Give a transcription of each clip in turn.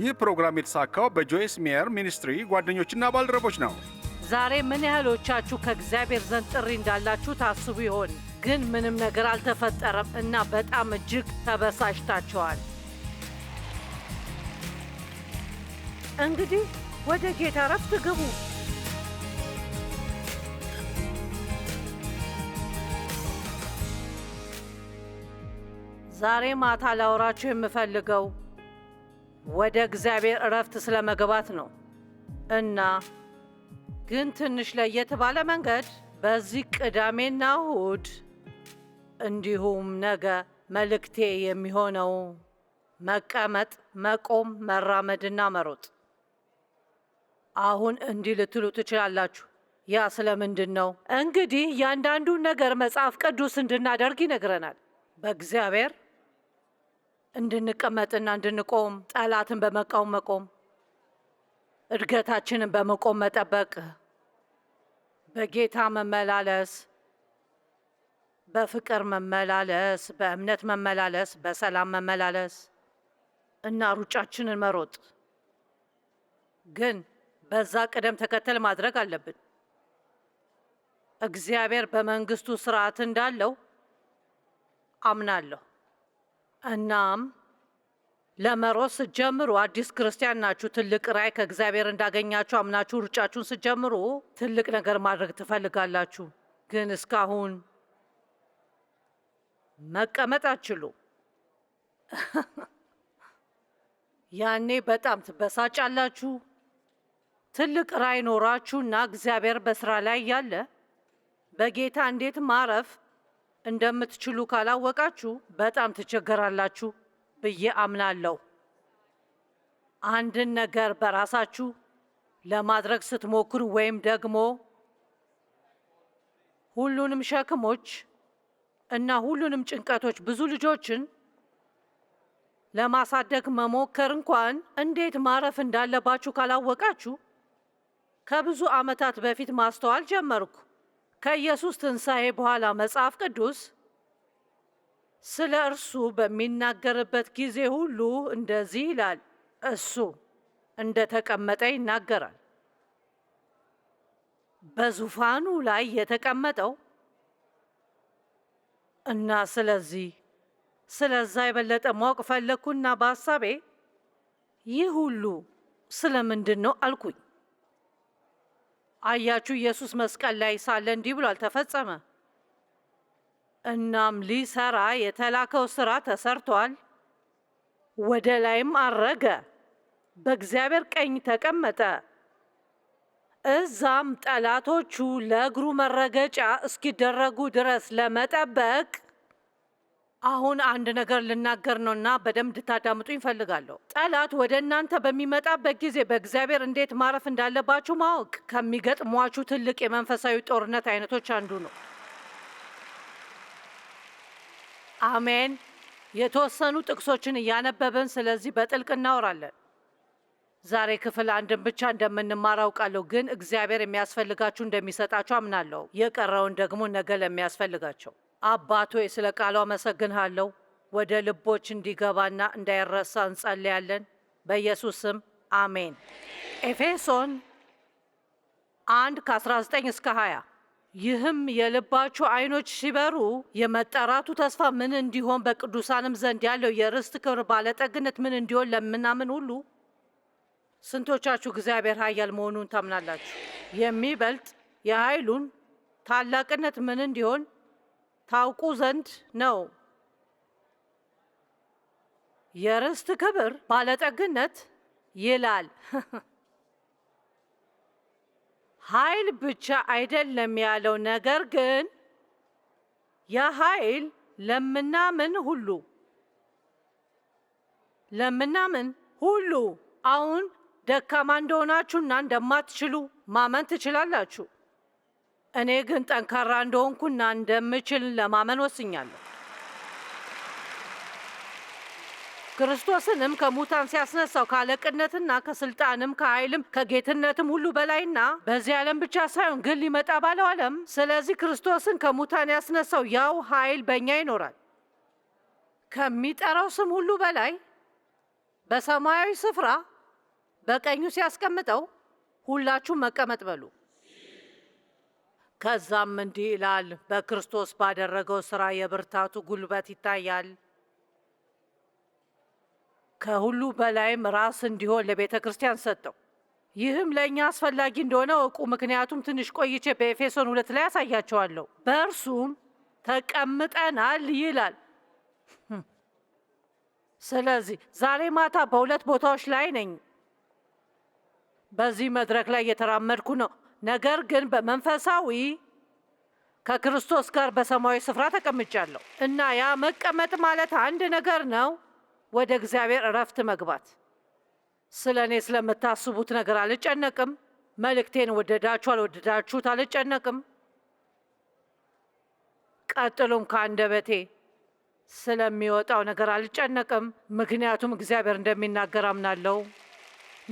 ይህ ፕሮግራም የተሳካው በጆይስ ሚየር ሚኒስትሪ ጓደኞችና ባልደረቦች ነው። ዛሬ ምን ያህሎቻችሁ ከእግዚአብሔር ዘንድ ጥሪ እንዳላችሁ ታስቡ ይሆን? ግን ምንም ነገር አልተፈጠረም እና በጣም እጅግ ተበሳጭታችኋል። እንግዲህ ወደ ጌታ ረፍት ግቡ። ዛሬ ማታ ላወራችሁ የምፈልገው ወደ እግዚአብሔር እረፍት ስለመግባት ነው እና ግን ትንሽ ለየት ባለ መንገድ በዚህ ቅዳሜና እሁድ እንዲሁም ነገ መልእክቴ የሚሆነው መቀመጥ፣ መቆም፣ መራመድና መሮጥ። አሁን እንዲህ ልትሉ ትችላላችሁ፣ ያ ስለምንድን ነው? እንግዲህ እያንዳንዱን ነገር መጽሐፍ ቅዱስ እንድናደርግ ይነግረናል። በእግዚአብሔር እንድንቀመጥና እንድንቆም ጠላትን በመቃወም መቆም እድገታችንን በመቆም መጠበቅ በጌታ መመላለስ በፍቅር መመላለስ በእምነት መመላለስ በሰላም መመላለስ እና ሩጫችንን መሮጥ ግን በዛ ቅደም ተከተል ማድረግ አለብን። እግዚአብሔር በመንግስቱ ስርዓት እንዳለው አምናለሁ። እናም ለመሮስ ስትጀምሩ አዲስ ክርስቲያን ናችሁ። ትልቅ ራይ ከእግዚአብሔር እንዳገኛችሁ አምናችሁ ሩጫችሁን ስትጀምሩ ትልቅ ነገር ማድረግ ትፈልጋላችሁ፣ ግን እስካሁን መቀመጥ አትችሉ። ያኔ በጣም ትበሳጫላችሁ። ትልቅ ራይ ኖራችሁና እግዚአብሔር በስራ ላይ ያለ በጌታ እንዴት ማረፍ እንደምትችሉ ካላወቃችሁ በጣም ትቸገራላችሁ ብዬ አምናለሁ። አንድን ነገር በራሳችሁ ለማድረግ ስትሞክሩ ወይም ደግሞ ሁሉንም ሸክሞች እና ሁሉንም ጭንቀቶች ብዙ ልጆችን ለማሳደግ መሞከር እንኳን እንዴት ማረፍ እንዳለባችሁ ካላወቃችሁ ከብዙ ዓመታት በፊት ማስተዋል ጀመርኩ። ከኢየሱስ ትንሣኤ በኋላ መጽሐፍ ቅዱስ ስለ እርሱ በሚናገርበት ጊዜ ሁሉ እንደዚህ ይላል። እሱ እንደ ተቀመጠ ይናገራል። በዙፋኑ ላይ የተቀመጠው እና ስለዚህ ስለዛ የበለጠ ማወቅ ፈለግኩና በሀሳቤ ይህ ሁሉ ስለምንድን ነው አልኩኝ። አያችሁ ኢየሱስ መስቀል ላይ ሳለ እንዲህ ብሎ አልተፈጸመ። እናም ሊሰራ የተላከው ስራ ተሰርቷል። ወደ ላይም አረገ፣ በእግዚአብሔር ቀኝ ተቀመጠ። እዛም ጠላቶቹ ለእግሩ መረገጫ እስኪደረጉ ድረስ ለመጠበቅ አሁን አንድ ነገር ልናገር ነውና በደንብ እንድታዳምጡ ይፈልጋለሁ። ጠላት ወደ እናንተ በሚመጣበት ጊዜ በእግዚአብሔር እንዴት ማረፍ እንዳለባችሁ ማወቅ ከሚገጥሟችሁ ትልቅ የመንፈሳዊ ጦርነት አይነቶች አንዱ ነው። አሜን። የተወሰኑ ጥቅሶችን እያነበብን ስለዚህ በጥልቅ እናወራለን። ዛሬ ክፍል አንድን ብቻ እንደምንማር አውቃለሁ፣ ግን እግዚአብሔር የሚያስፈልጋችሁ እንደሚሰጣችሁ አምናለሁ። የቀረውን ደግሞ ነገ ለሚያስፈልጋቸው አባቶ ስለ ቃሉ አመሰግንሃለሁ። ወደ ልቦች እንዲገባና እንዳይረሳ እንጸልያለን። በኢየሱስ ስም አሜን። ኤፌሶን አንድ ከ19 እስከ 20 ይህም የልባችሁ ዓይኖች ሲበሩ የመጠራቱ ተስፋ ምን እንዲሆን በቅዱሳንም ዘንድ ያለው የርስት ክብር ባለጠግነት ምን እንዲሆን ለምናምን ሁሉ ስንቶቻችሁ እግዚአብሔር ኃያል መሆኑን ታምናላችሁ? የሚበልጥ የኃይሉን ታላቅነት ምን እንዲሆን ታውቁ ዘንድ ነው። የርስት ክብር ባለጠግነት ይላል። ኃይል ብቻ አይደለም ያለው፣ ነገር ግን የኃይል ለምናምን ሁሉ ለምናምን ሁሉ አሁን ደካማ እንደሆናችሁና እንደማትችሉ ማመን ትችላላችሁ። እኔ ግን ጠንካራ እንደሆንኩና እንደምችል ለማመን ወስኛለሁ። ክርስቶስንም ከሙታን ሲያስነሳው ከአለቅነትና ከስልጣንም ከኃይልም ከጌትነትም ሁሉ በላይና በዚህ ዓለም ብቻ ሳይሆን ግን ሊመጣ ባለው ዓለም። ስለዚህ ክርስቶስን ከሙታን ያስነሳው ያው ኃይል በእኛ ይኖራል። ከሚጠራው ስም ሁሉ በላይ በሰማያዊ ስፍራ በቀኙ ሲያስቀምጠው ሁላችሁም መቀመጥ በሉ። ከዛም እንዲህ ይላል፣ በክርስቶስ ባደረገው ሥራ የብርታቱ ጉልበት ይታያል። ከሁሉ በላይም ራስ እንዲሆን ለቤተ ክርስቲያን ሰጠው። ይህም ለእኛ አስፈላጊ እንደሆነ እውቁ። ምክንያቱም ትንሽ ቆይቼ በኤፌሶን ሁለት ላይ ያሳያቸዋለሁ። በእርሱም ተቀምጠናል ይላል። hm። ስለዚህ ዛሬ ማታ በሁለት ቦታዎች ላይ ነኝ። በዚህ መድረክ ላይ እየተራመድኩ ነው። ነገር ግን በመንፈሳዊ ከክርስቶስ ጋር በሰማያዊ ስፍራ ተቀምጫለሁ እና ያ መቀመጥ ማለት አንድ ነገር ነው፣ ወደ እግዚአብሔር እረፍት መግባት። ስለ እኔ ስለምታስቡት ነገር አልጨነቅም። መልእክቴን ወደዳችሁ አልወደዳችሁት አልጨነቅም። ቀጥሎም ከአንደበቴ ስለሚወጣው ነገር አልጨነቅም፣ ምክንያቱም እግዚአብሔር እንደሚናገር አምናለሁ።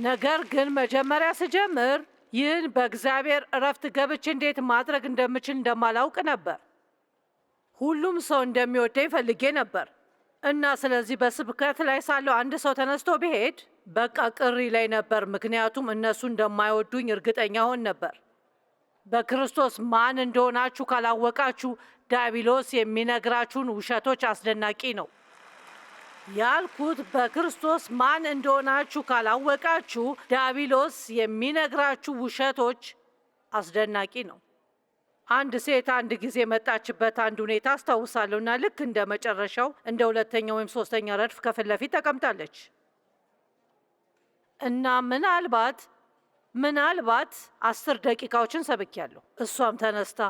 ነገር ግን መጀመሪያ ስጀምር ይህን በእግዚአብሔር እረፍት ገብቼ እንዴት ማድረግ እንደምችል እንደማላውቅ ነበር። ሁሉም ሰው እንደሚወደኝ ፈልጌ ነበር እና ስለዚህ በስብከት ላይ ሳለው አንድ ሰው ተነስቶ ብሄድ በቃ ቅሪ ላይ ነበር፣ ምክንያቱም እነሱ እንደማይወዱኝ እርግጠኛ ሆን ነበር። በክርስቶስ ማን እንደሆናችሁ ካላወቃችሁ ዳቢሎስ የሚነግራችሁን ውሸቶች አስደናቂ ነው። ያልኩት በክርስቶስ ማን እንደሆናችሁ ካላወቃችሁ ዲያብሎስ የሚነግራችሁ ውሸቶች አስደናቂ ነው። አንድ ሴት አንድ ጊዜ መጣችበት አንድ ሁኔታ አስታውሳለሁና ልክ እንደ መጨረሻው እንደ ሁለተኛ ወይም ሶስተኛ ረድፍ ከፊት ለፊት ተቀምጣለች እና ምናልባት ምናልባት አስር ደቂቃዎችን ያለሁ እሷም ተነስታ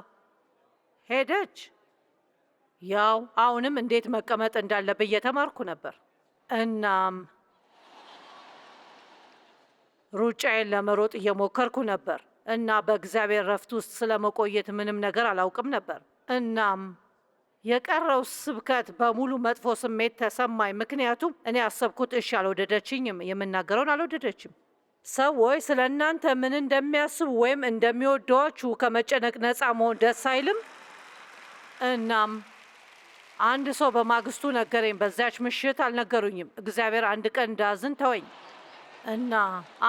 ሄደች። ያው አሁንም እንዴት መቀመጥ እንዳለብህ እየተማርኩ ነበር። እናም ሩጫዬን ለመሮጥ እየሞከርኩ ነበር እና በእግዚአብሔር ረፍት ውስጥ ስለመቆየት ምንም ነገር አላውቅም ነበር። እናም የቀረው ስብከት በሙሉ መጥፎ ስሜት ተሰማኝ፣ ምክንያቱም እኔ አሰብኩት፣ እሺ አልወደደችኝም፣ የምናገረውን አልወደደችም። ሰዎች ስለ እናንተ ምን እንደሚያስቡ ወይም እንደሚወደዋችሁ ከመጨነቅ ነፃ መሆን ደስ አይልም? እናም አንድ ሰው በማግስቱ ነገረኝ። በዚያች ምሽት አልነገሩኝም። እግዚአብሔር አንድ ቀን እንዳዝን ተወኝ እና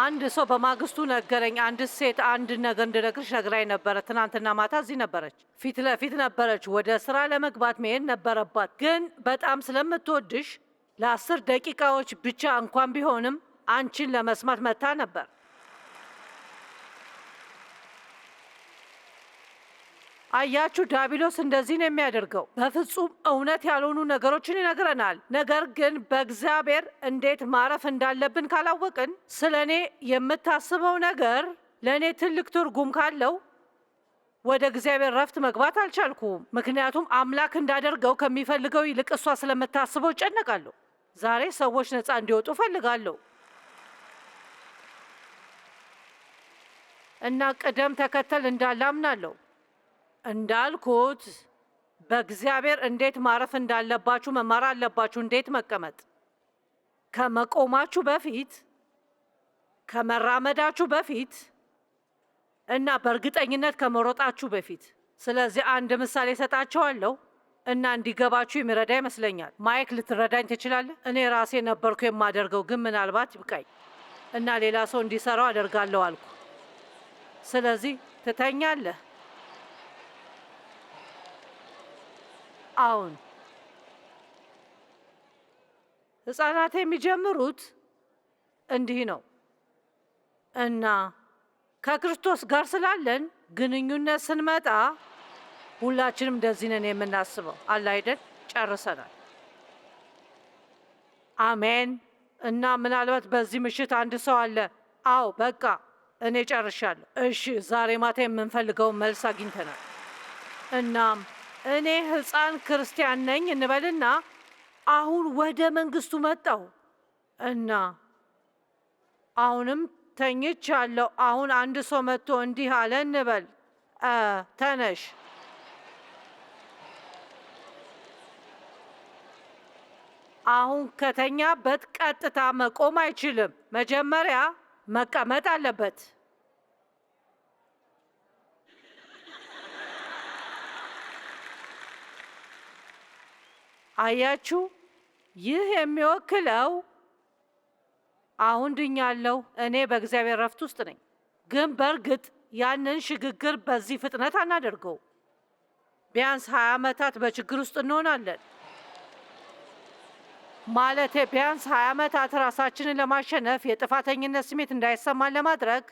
አንድ ሰው በማግስቱ ነገረኝ። አንድ ሴት አንድ ነገር እንድነግርሽ ነግራኝ ነበረ። ትናንትና ማታ እዚህ ነበረች፣ ፊት ለፊት ነበረች። ወደ ስራ ለመግባት መሄድ ነበረባት፣ ግን በጣም ስለምትወድሽ ለአስር ደቂቃዎች ብቻ እንኳን ቢሆንም አንቺን ለመስማት መታ ነበር አያችሁ ዳቢሎስ እንደዚህ ነው የሚያደርገው። በፍጹም እውነት ያልሆኑ ነገሮችን ይነግረናል። ነገር ግን በእግዚአብሔር እንዴት ማረፍ እንዳለብን ካላወቅን ስለ እኔ የምታስበው ነገር ለእኔ ትልቅ ትርጉም ካለው ወደ እግዚአብሔር ረፍት መግባት አልቻልኩም። ምክንያቱም አምላክ እንዳደርገው ከሚፈልገው ይልቅ እሷ ስለምታስበው እጨነቃለሁ። ዛሬ ሰዎች ነፃ እንዲወጡ እፈልጋለሁ እና ቅደም ተከተል እንዳለ አምናለሁ። እንዳልኩት በእግዚአብሔር እንዴት ማረፍ እንዳለባችሁ መማር አለባችሁ። እንዴት መቀመጥ ከመቆማችሁ በፊት ከመራመዳችሁ በፊት እና በእርግጠኝነት ከመሮጣችሁ በፊት። ስለዚህ አንድ ምሳሌ እሰጣችኋለሁ እና እንዲገባችሁ የሚረዳ ይመስለኛል። ማይክ ልትረዳኝ ትችላለህ። እኔ ራሴ ነበርኩ የማደርገው፣ ግን ምናልባት ይብቃኝ እና ሌላ ሰው እንዲሰራው አደርጋለሁ አልኩ። ስለዚህ ትተኛለህ አሁን ህፃናት የሚጀምሩት እንዲህ ነው እና ከክርስቶስ ጋር ስላለን ግንኙነት ስንመጣ ሁላችንም እንደዚህ ነን የምናስበው። አለ አይደል? ጨርሰናል። አሜን። እና ምናልባት በዚህ ምሽት አንድ ሰው አለ፣ አዎ በቃ እኔ ጨርሻለሁ። እሺ፣ ዛሬ ማታ የምንፈልገውን መልስ አግኝተናል። እናም እኔ ሕፃን ክርስቲያን ነኝ እንበልና አሁን ወደ መንግስቱ መጣሁ እና አሁንም ተኝቻለሁ። አሁን አንድ ሰው መጥቶ እንዲህ አለ እንበል፣ ተነሽ አሁን ከተኛበት ቀጥታ መቆም አይችልም። መጀመሪያ መቀመጥ አለበት። አያችሁ፣ ይህ የሚወክለው አሁን ድኛለሁ፣ እኔ በእግዚአብሔር ረፍት ውስጥ ነኝ። ግን በእርግጥ ያንን ሽግግር በዚህ ፍጥነት አናደርገው። ቢያንስ ሀያ ዓመታት በችግር ውስጥ እንሆናለን። ማለቴ ቢያንስ ሀያ ዓመታት ራሳችንን ለማሸነፍ የጥፋተኝነት ስሜት እንዳይሰማን ለማድረግ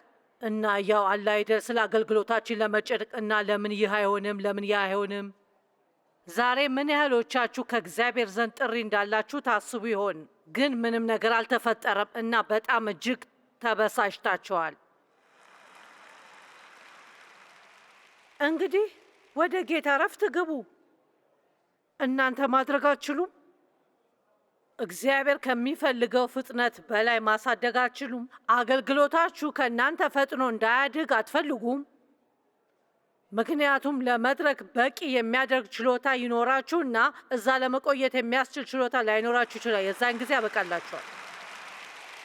እና ያው አላይደር ስለ አገልግሎታችን ለመጨነቅ እና ለምን ይህ አይሆንም፣ ለምን ይህ አይሆንም ዛሬ ምን ያህሎቻችሁ ከእግዚአብሔር ዘንድ ጥሪ እንዳላችሁ ታስቡ ይሆን? ግን ምንም ነገር አልተፈጠረም እና በጣም እጅግ ተበሳጭታችኋል። እንግዲህ ወደ ጌታ ረፍት ግቡ። እናንተ ማድረግ አትችሉም። እግዚአብሔር ከሚፈልገው ፍጥነት በላይ ማሳደግ አትችሉም። አገልግሎታችሁ ከእናንተ ፈጥኖ እንዳያድግ አትፈልጉም። ምክንያቱም ለመድረክ በቂ የሚያደርግ ችሎታ ይኖራችሁ እና እዛ ለመቆየት የሚያስችል ችሎታ ላይኖራችሁ ይችላል። የዛን ጊዜ ያበቃላችኋል።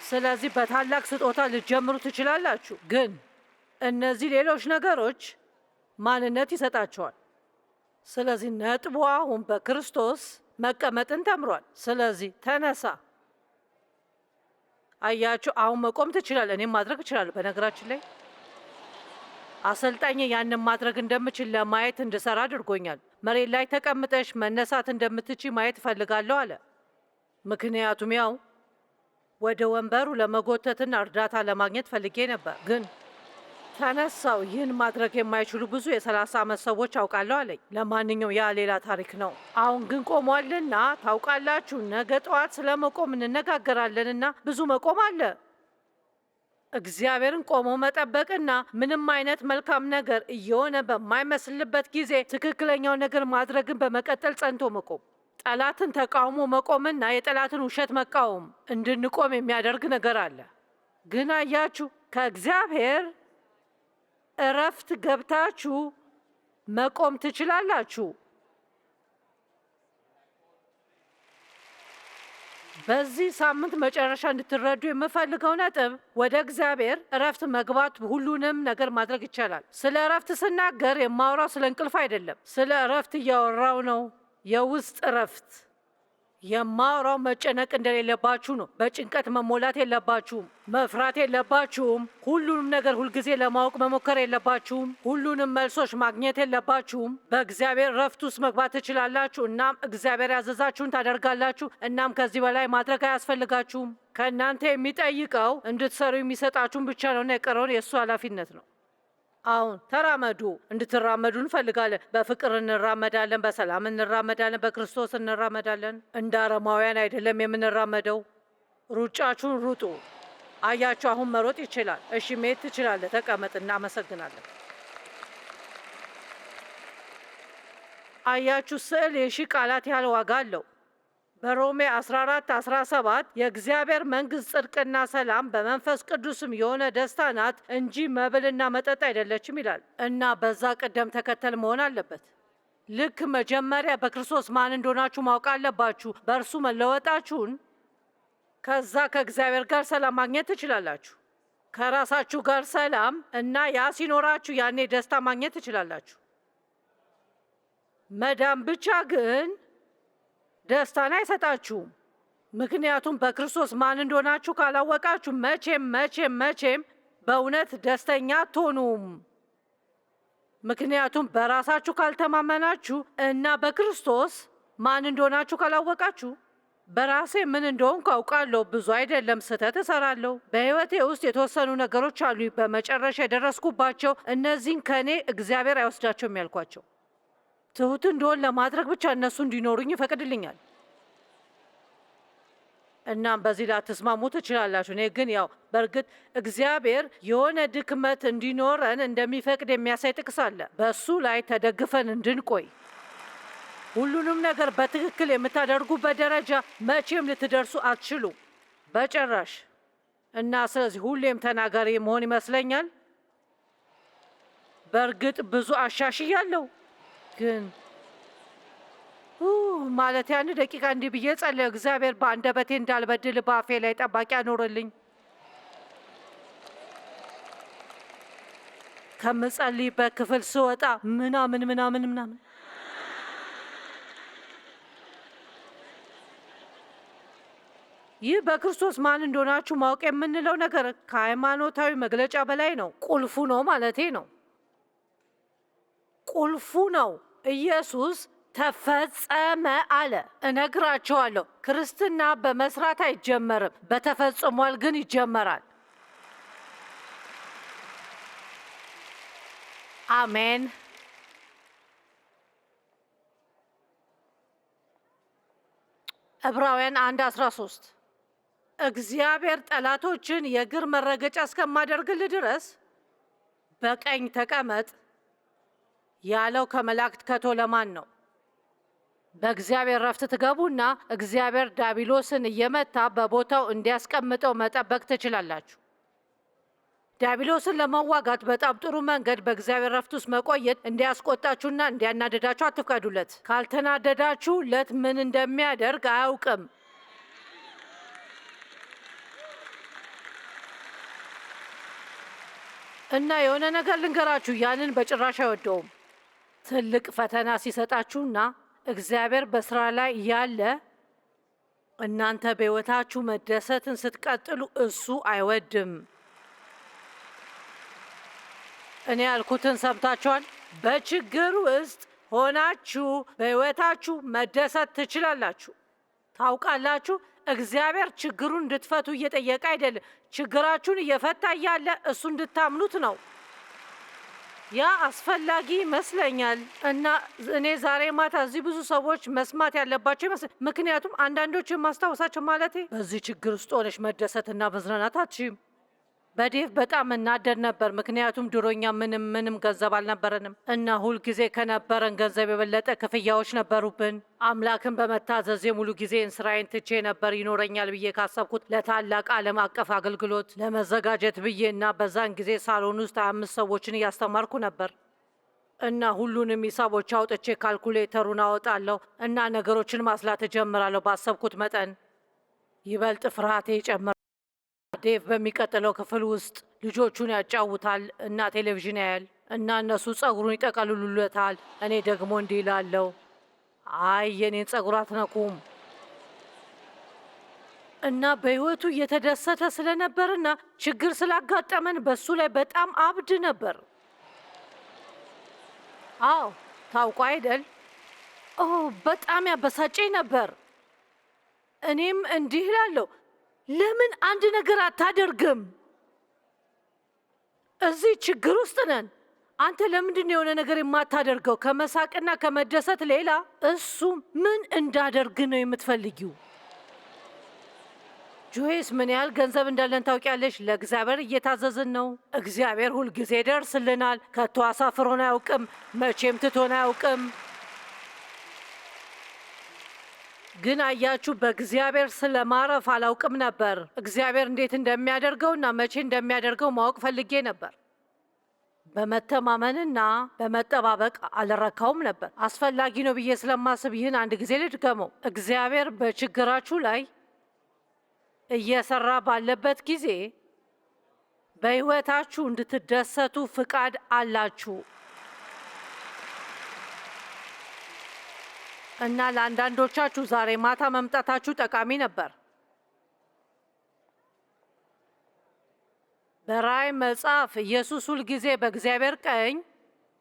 ስለዚህ በታላቅ ስጦታ ልትጀምሩ ትችላላችሁ፣ ግን እነዚህ ሌሎች ነገሮች ማንነት ይሰጣቸዋል። ስለዚህ ነጥቡ አሁን በክርስቶስ መቀመጥን ተምሯል። ስለዚህ ተነሳ። አያችሁ፣ አሁን መቆም ትችላል። እኔም ማድረግ እችላለሁ በነገራችን ላይ አሰልጣኝ ያንን ማድረግ እንደምችል ለማየት እንድሰራ አድርጎኛል። መሬት ላይ ተቀምጠሽ መነሳት እንደምትች ማየት እፈልጋለሁ አለ። ምክንያቱም ያው ወደ ወንበሩ ለመጎተትና እርዳታ ለማግኘት ፈልጌ ነበር፣ ግን ተነሳው። ይህን ማድረግ የማይችሉ ብዙ የሰላሳ ዓመት ሰዎች አውቃለሁ አለኝ። ለማንኛውም ያ ሌላ ታሪክ ነው። አሁን ግን ቆሟልና ታውቃላችሁ፣ ነገ ጠዋት ስለመቆም እንነጋገራለንና ብዙ መቆም አለ። እግዚአብሔርን ቆሞ መጠበቅና ምንም አይነት መልካም ነገር እየሆነ በማይመስልበት ጊዜ ትክክለኛው ነገር ማድረግን በመቀጠል ጸንቶ መቆም ጠላትን ተቃውሞ መቆምና የጠላትን ውሸት መቃወም እንድንቆም የሚያደርግ ነገር አለ። ግን አያችሁ ከእግዚአብሔር እረፍት ገብታችሁ መቆም ትችላላችሁ። በዚህ ሳምንት መጨረሻ እንድትረዱ የምፈልገው ነጥብ ወደ እግዚአብሔር እረፍት መግባት ሁሉንም ነገር ማድረግ ይቻላል። ስለ እረፍት ስናገር የማወራው ስለ እንቅልፍ አይደለም፣ ስለ እረፍት እያወራው ነው። የውስጥ እረፍት የማወራው መጨነቅ እንደሌለባችሁ ነው። በጭንቀት መሞላት የለባችሁም። መፍራት የለባችሁም። ሁሉንም ነገር ሁልጊዜ ለማወቅ መሞከር የለባችሁም። ሁሉንም መልሶች ማግኘት የለባችሁም። በእግዚአብሔር ረፍት ውስጥ መግባት ትችላላችሁ። እናም እግዚአብሔር ያዘዛችሁን ታደርጋላችሁ። እናም ከዚህ በላይ ማድረግ አያስፈልጋችሁም። ከእናንተ የሚጠይቀው እንድትሰሩ የሚሰጣችሁን ብቻ ነውና የቀረውን የእሱ ኃላፊነት ነው። አሁን ተራመዱ እንድትራመዱ እንፈልጋለን። በፍቅር እንራመዳለን፣ በሰላም እንራመዳለን፣ በክርስቶስ እንራመዳለን። እንደ አረማውያን አይደለም የምንራመደው። ሩጫችሁን ሩጡ። አያችሁ፣ አሁን መሮጥ ይችላል። እሺ፣ መሄድ ትችላለህ። ተቀመጥ። እናመሰግናለን። አያችሁ፣ ስዕል የሺ ቃላት ያህል ዋጋ አለው። በሮሜ 14 17 የእግዚአብሔር መንግስት ጽድቅና ሰላም በመንፈስ ቅዱስም የሆነ ደስታ ናት እንጂ መብልና መጠጥ አይደለችም ይላል እና በዛ ቅደም ተከተል መሆን አለበት። ልክ መጀመሪያ በክርስቶስ ማን እንደሆናችሁ ማወቅ አለባችሁ። በእርሱ መለወጣችሁን ከዛ ከእግዚአብሔር ጋር ሰላም ማግኘት ትችላላችሁ። ከራሳችሁ ጋር ሰላም እና ያ ሲኖራችሁ ያኔ ደስታ ማግኘት ትችላላችሁ። መዳም ብቻ ግን ደስታን አይሰጣችሁም። ምክንያቱም በክርስቶስ ማን እንደሆናችሁ ካላወቃችሁ መቼም መቼም መቼም በእውነት ደስተኛ አትሆኑም። ምክንያቱም በራሳችሁ ካልተማመናችሁ እና በክርስቶስ ማን እንደሆናችሁ ካላወቃችሁ በራሴ ምን እንደሆንኩ አውቃለሁ፣ ብዙ አይደለም፣ ስህተት እሰራለሁ። በሕይወቴ ውስጥ የተወሰኑ ነገሮች አሉ፣ በመጨረሻ የደረስኩባቸው። እነዚህን ከእኔ እግዚአብሔር አይወስዳቸውም ያልኳቸው ትሁት እንደሆን ለማድረግ ብቻ እነሱ እንዲኖሩኝ ይፈቅድልኛል። እናም በዚህ ላትስማሙ ትችላላችሁ። እኔ ግን ያው በእርግጥ እግዚአብሔር የሆነ ድክመት እንዲኖረን እንደሚፈቅድ የሚያሳይ ጥቅስ አለ። በእሱ ላይ ተደግፈን እንድንቆይ ሁሉንም ነገር በትክክል የምታደርጉበት ደረጃ መቼም ልትደርሱ አትችሉም በጭራሽ። እና ስለዚህ ሁሌም ተናጋሪ መሆን ይመስለኛል። በእርግጥ ብዙ አሻሽያለሁ። ግን ማለት ያን ደቂቃ እንዲህ ብዬ ጸለይ፣ እግዚአብሔር በአንደበቴ እንዳልበድል በአፌ ላይ ጠባቂ አኖርልኝ። ከምጸልይበት ክፍል ስወጣ ምናምን ምናምን ምናምን ይህ በክርስቶስ ማን እንደሆናችሁ ማወቅ የምንለው ነገር ከሃይማኖታዊ መግለጫ በላይ ነው። ቁልፉ ነው ማለቴ ነው። ቁልፉ ነው። ኢየሱስ ተፈጸመ አለ። እነግራቸዋለሁ፣ ክርስትና በመስራት አይጀመርም፣ በተፈጽሟል ግን ይጀመራል። አሜን። ዕብራውያን 1 13 እግዚአብሔር ጠላቶችን የእግር መረገጫ እስከማደርግልህ ድረስ በቀኝ ተቀመጥ ያለው ከመላእክት ከቶ ለማን ነው? በእግዚአብሔር ረፍት ትገቡና እግዚአብሔር ዳቢሎስን እየመታ በቦታው እንዲያስቀምጠው መጠበቅ ትችላላችሁ። ዳቢሎስን ለመዋጋት በጣም ጥሩ መንገድ በእግዚአብሔር ረፍት ውስጥ መቆየት እንዲያስቆጣችሁና እንዲያናደዳችሁ አትፍቀዱለት። ካልተናደዳችሁለት ምን እንደሚያደርግ አያውቅም። እና የሆነ ነገር ልንገራችሁ፣ ያንን በጭራሽ አይወደውም። ትልቅ ፈተና ሲሰጣችሁና እግዚአብሔር በስራ ላይ ያለ እናንተ በሕይወታችሁ መደሰትን ስትቀጥሉ እሱ አይወድም። እኔ ያልኩትን ሰምታችኋል። በችግር ውስጥ ሆናችሁ በሕይወታችሁ መደሰት ትችላላችሁ። ታውቃላችሁ፣ እግዚአብሔር ችግሩን እንድትፈቱ እየጠየቀ አይደለም፣ ችግራችሁን እየፈታ እያለ እሱ እንድታምኑት ነው። ያ አስፈላጊ ይመስለኛል እና እኔ ዛሬ ማታ እዚህ ብዙ ሰዎች መስማት ያለባቸው ይመስል ምክንያቱም አንዳንዶች የማስታወሳቸው ማለቴ በዚህ ችግር ውስጥ መደሰት መደሰትና መዝናናት አትችይም። በዴቭ በጣም እናደድ ነበር። ምክንያቱም ድሮኛ ምንም ምንም ገንዘብ አልነበረንም እና ሁልጊዜ ከነበረን ገንዘብ የበለጠ ክፍያዎች ነበሩብን። አምላክን በመታዘዝ የሙሉ ጊዜን ስራዬን ትቼ ነበር ይኖረኛል ብዬ ካሰብኩት ለታላቅ ዓለም አቀፍ አገልግሎት ለመዘጋጀት ብዬ እና በዛን ጊዜ ሳሎን ውስጥ አምስት ሰዎችን እያስተማርኩ ነበር እና ሁሉንም ሂሳቦች አውጥቼ ካልኩሌተሩን አወጣለሁ እና ነገሮችን ማስላት እጀምራለሁ። ባሰብኩት መጠን ይበልጥ ፍርሃቴ ይጨምራል። ዴቭ በሚቀጥለው ክፍል ውስጥ ልጆቹን ያጫውታል እና ቴሌቪዥን ያያል እና እነሱ ጸጉሩን ይጠቀልሉለታል። እኔ ደግሞ እንዲህ ይላለው፣ አይ የኔን ጸጉር አትነኩም። እና በህይወቱ እየተደሰተ ስለነበርና ችግር ስላጋጠመን በሱ ላይ በጣም አብድ ነበር። አዎ ታውቋ አይደል? ኦ በጣም ያበሳጨኝ ነበር። እኔም እንዲህ እላለሁ ለምን አንድ ነገር አታደርግም? እዚህ ችግር ውስጥ ነን። አንተ ለምንድን የሆነ ነገር የማታደርገው? ከመሳቅና ከመደሰት ሌላ እሱ ምን እንዳደርግ ነው የምትፈልጊው? ጆይስ፣ ምን ያህል ገንዘብ እንዳለን ታውቂያለሽ። ለእግዚአብሔር እየታዘዝን ነው። እግዚአብሔር ሁልጊዜ ደርስልናል ከቶ አሳፍሮን አያውቅም። መቼም ትቶን አያውቅም። ግን አያችሁ በእግዚአብሔር ስለማረፍ አላውቅም ነበር። እግዚአብሔር እንዴት እንደሚያደርገውና መቼ እንደሚያደርገው ማወቅ ፈልጌ ነበር። በመተማመንና በመጠባበቅ አልረካውም ነበር። አስፈላጊ ነው ብዬ ስለማስብ ይህን አንድ ጊዜ ልድገመው። እግዚአብሔር በችግራችሁ ላይ እየሰራ ባለበት ጊዜ በሕይወታችሁ እንድትደሰቱ ፍቃድ አላችሁ። እና ለአንዳንዶቻችሁ ዛሬ ማታ መምጣታችሁ ጠቃሚ ነበር። በራእይ መጽሐፍ ኢየሱስ ሁልጊዜ በእግዚአብሔር ቀኝ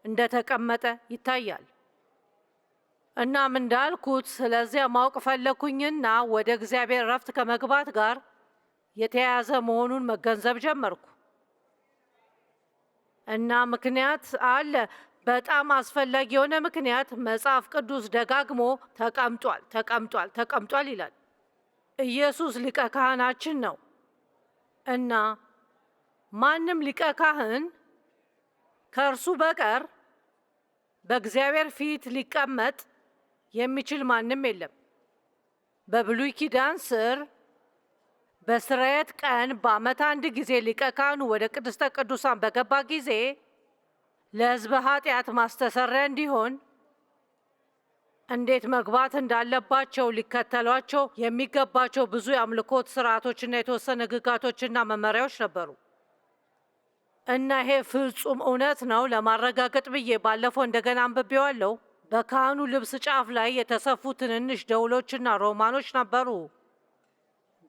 እንደተቀመጠ ይታያል። እናም እንዳልኩት ስለዚያ ማወቅ ፈለግኩኝና ወደ እግዚአብሔር እረፍት ከመግባት ጋር የተያያዘ መሆኑን መገንዘብ ጀመርኩ እና ምክንያት አለ በጣም አስፈላጊ የሆነ ምክንያት መጽሐፍ ቅዱስ ደጋግሞ ተቀምጧል ተቀምጧል ተቀምጧል ይላል። ኢየሱስ ሊቀ ካህናችን ነው እና ማንም ሊቀ ካህን ከእርሱ በቀር በእግዚአብሔር ፊት ሊቀመጥ የሚችል ማንም የለም። በብሉይ ኪዳን ስር በስርየት ቀን በአመት አንድ ጊዜ ሊቀ ካህኑ ወደ ቅድስተ ቅዱሳን በገባ ጊዜ ለሕዝበ ኃጢአት ማስተሰሪያ እንዲሆን እንዴት መግባት እንዳለባቸው ሊከተሏቸው የሚገባቸው ብዙ የአምልኮት ስርዓቶችና የተወሰነ ሕግጋቶችና መመሪያዎች ነበሩ እና ይሄ ፍጹም እውነት ነው ለማረጋገጥ ብዬ ባለፈው እንደገና አንብቤዋለሁ። በካህኑ ልብስ ጫፍ ላይ የተሰፉ ትንንሽ ደውሎችና ሮማኖች ነበሩ።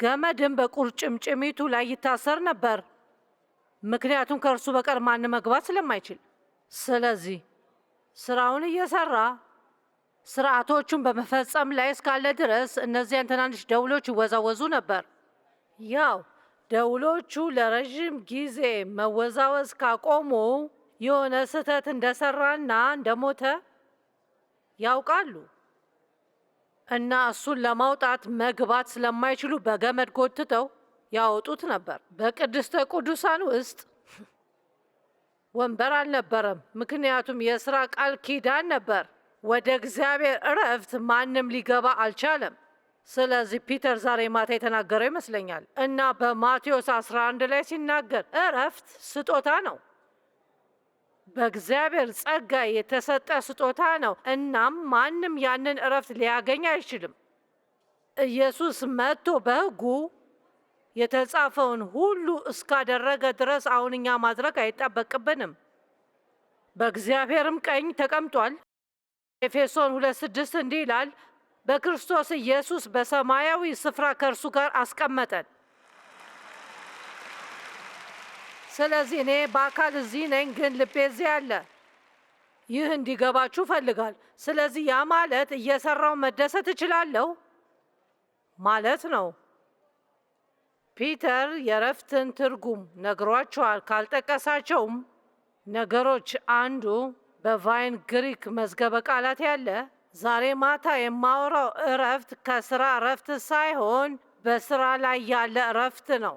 ገመድም በቁርጭምጭሚቱ ላይ ይታሰር ነበር፣ ምክንያቱም ከእርሱ በቀር ማን መግባት ስለማይችል ስለዚህ ስራውን እየሰራ ስርዓቶቹን በመፈጸም ላይ እስካለ ድረስ እነዚያን ትናንሽ ደውሎች ይወዛወዙ ነበር። ያው ደውሎቹ ለረዥም ጊዜ መወዛወዝ ካቆሙ የሆነ ስህተት እንደሰራና እንደሞተ ያውቃሉ እና እሱን ለማውጣት መግባት ስለማይችሉ በገመድ ጎትተው ያወጡት ነበር። በቅድስተ ቅዱሳን ውስጥ ወንበር አልነበረም። ምክንያቱም የስራ ቃል ኪዳን ነበር። ወደ እግዚአብሔር እረፍት ማንም ሊገባ አልቻለም። ስለዚህ ፒተር ዛሬ ማታ የተናገረው ይመስለኛል እና በማቴዎስ 11 ላይ ሲናገር እረፍት ስጦታ ነው፣ በእግዚአብሔር ጸጋ የተሰጠ ስጦታ ነው። እናም ማንም ያንን እረፍት ሊያገኝ አይችልም። ኢየሱስ መጥቶ በሕጉ የተጻፈውን ሁሉ እስካደረገ ድረስ አሁን እኛ ማድረግ አይጠበቅብንም። በእግዚአብሔርም ቀኝ ተቀምጧል። ኤፌሶን 2፥6 እንዲህ ይላል፣ በክርስቶስ ኢየሱስ በሰማያዊ ስፍራ ከእርሱ ጋር አስቀመጠን። ስለዚህ እኔ በአካል እዚህ ነኝ፣ ግን ልቤ እዚህ አለ። ይህ እንዲገባችሁ ፈልጋል። ስለዚህ ያ ማለት እየሰራው መደሰት እችላለሁ ማለት ነው። ፒተር የእረፍትን ትርጉም ነግሯቸዋል። ካልጠቀሳቸውም ነገሮች አንዱ በቫይን ግሪክ መዝገበ ቃላት ያለ ዛሬ ማታ የማወራው እረፍት ከስራ እረፍት ሳይሆን በስራ ላይ ያለ እረፍት ነው።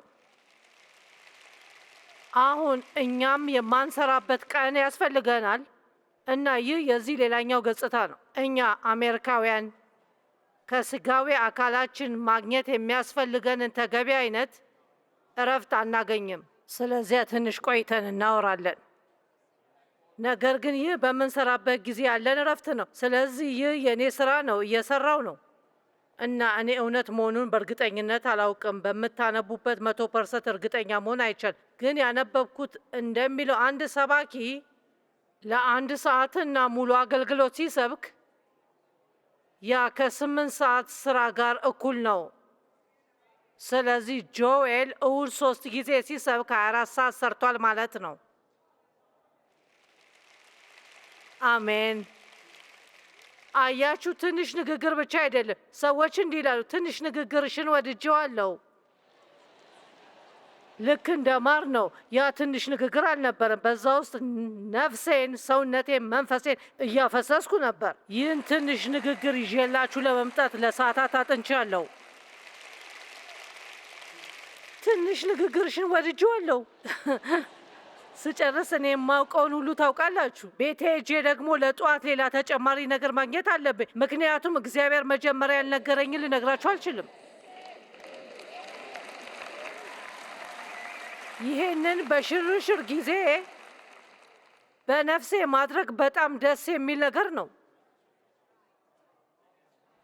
አሁን እኛም የማንሰራበት ቀን ያስፈልገናል እና ይህ የዚህ ሌላኛው ገጽታ ነው። እኛ አሜሪካውያን ከስጋዊ አካላችን ማግኘት የሚያስፈልገንን ተገቢ አይነት እረፍት አናገኝም። ስለዚያ ትንሽ ቆይተን እናወራለን። ነገር ግን ይህ በምንሰራበት ጊዜ ያለን እረፍት ነው። ስለዚህ ይህ የእኔ ስራ ነው፣ እየሰራው ነው እና እኔ እውነት መሆኑን በእርግጠኝነት አላውቅም። በምታነቡበት መቶ ፐርሰንት እርግጠኛ መሆን አይቻል። ግን ያነበብኩት እንደሚለው አንድ ሰባኪ ለአንድ ሰዓትና ሙሉ አገልግሎት ሲሰብክ ያ ከስምንት ሰዓት ስራ ጋር እኩል ነው። ስለዚህ ጆኤል እሁድ ሶስት ጊዜ ሲሰብክ 24 ሰዓት ሰርቷል ማለት ነው። አሜን። አያችሁ፣ ትንሽ ንግግር ብቻ አይደለም። ሰዎች እንዲህ ይላሉ፣ ትንሽ ንግግርሽን ወድጄዋለሁ። ልክ እንደ ማር ነው። ያ ትንሽ ንግግር አልነበረም። በዛ ውስጥ ነፍሴን፣ ሰውነቴን፣ መንፈሴን እያፈሰስኩ ነበር። ይህን ትንሽ ንግግር ይዤላችሁ ለመምጣት ለሰዓታት አጥንቻለሁ። ትንሽ ንግግርሽን አለው ስጨርስ እኔ የማውቀውን ሁሉ ታውቃላችሁ። ቤቴ እጄ ደግሞ ለጠዋት ሌላ ተጨማሪ ነገር ማግኘት አለብኝ። ምክንያቱም እግዚአብሔር መጀመሪያ ያልነገረኝን ልነግራችሁ አልችልም። ይሄንን በሽርሽር ጊዜ በነፍሴ ማድረግ በጣም ደስ የሚል ነገር ነው።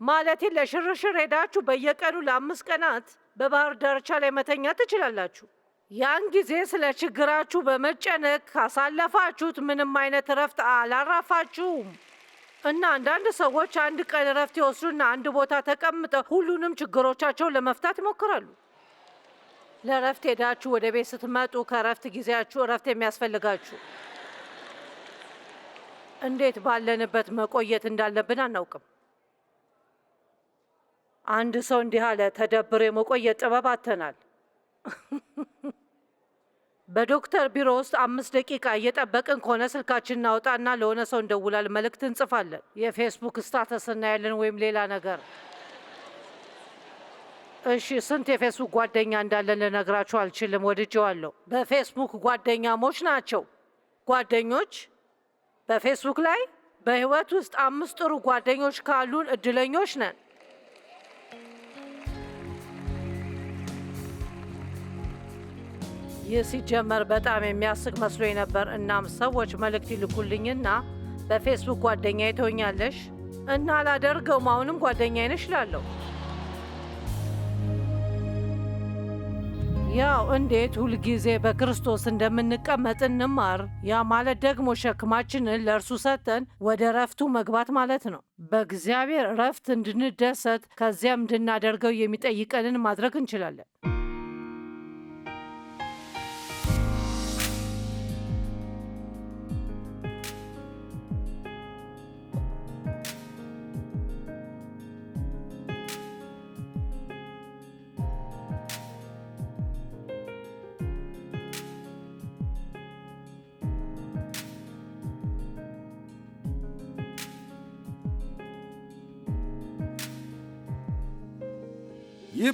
ማለት ለሽርሽር ሄዳችሁ በየቀኑ ለአምስት ቀናት በባህር ዳርቻ ላይ መተኛ ትችላላችሁ። ያን ጊዜ ስለ ችግራችሁ በመጨነቅ ካሳለፋችሁት ምንም አይነት እረፍት አላራፋችሁም እና አንዳንድ ሰዎች አንድ ቀን እረፍት ይወስዱና አንድ ቦታ ተቀምጠው ሁሉንም ችግሮቻቸውን ለመፍታት ይሞክራሉ። ለእረፍት ሄዳችሁ ወደ ቤት ስትመጡ ከእረፍት ጊዜያችሁ እረፍት የሚያስፈልጋችሁ እንዴት ባለንበት መቆየት እንዳለብን አናውቅም። አንድ ሰው እንዲህ አለ፣ ተደብሮ የመቆየት ጥበብ አተናል። በዶክተር ቢሮ ውስጥ አምስት ደቂቃ እየጠበቅን ከሆነ ስልካችን እናውጣና ለሆነ ሰው እንደውላል፣ መልእክት እንጽፋለን፣ የፌስቡክ ስታተስ እናያለን ወይም ሌላ ነገር እሺ ስንት የፌስቡክ ጓደኛ እንዳለን ልነግራችሁ አልችልም። ወድጀዋለሁ። በፌስቡክ ጓደኛሞች ናቸው። ጓደኞች በፌስቡክ ላይ በህይወት ውስጥ አምስት ጥሩ ጓደኞች ካሉን እድለኞች ነን። ይህ ሲጀመር በጣም የሚያስቅ መስሎ ነበር። እናም ሰዎች መልእክት ይልኩልኝና በፌስቡክ ጓደኛ ትሆኛለሽ እና አላደርገውም። አሁንም ጓደኛ ነሽ ያው እንዴት ሁልጊዜ በክርስቶስ እንደምንቀመጥ እንማር። ያ ማለት ደግሞ ሸክማችንን ለእርሱ ሰጠን ወደ ረፍቱ መግባት ማለት ነው። በእግዚአብሔር ረፍት እንድንደሰት ከዚያም እንድናደርገው የሚጠይቀንን ማድረግ እንችላለን።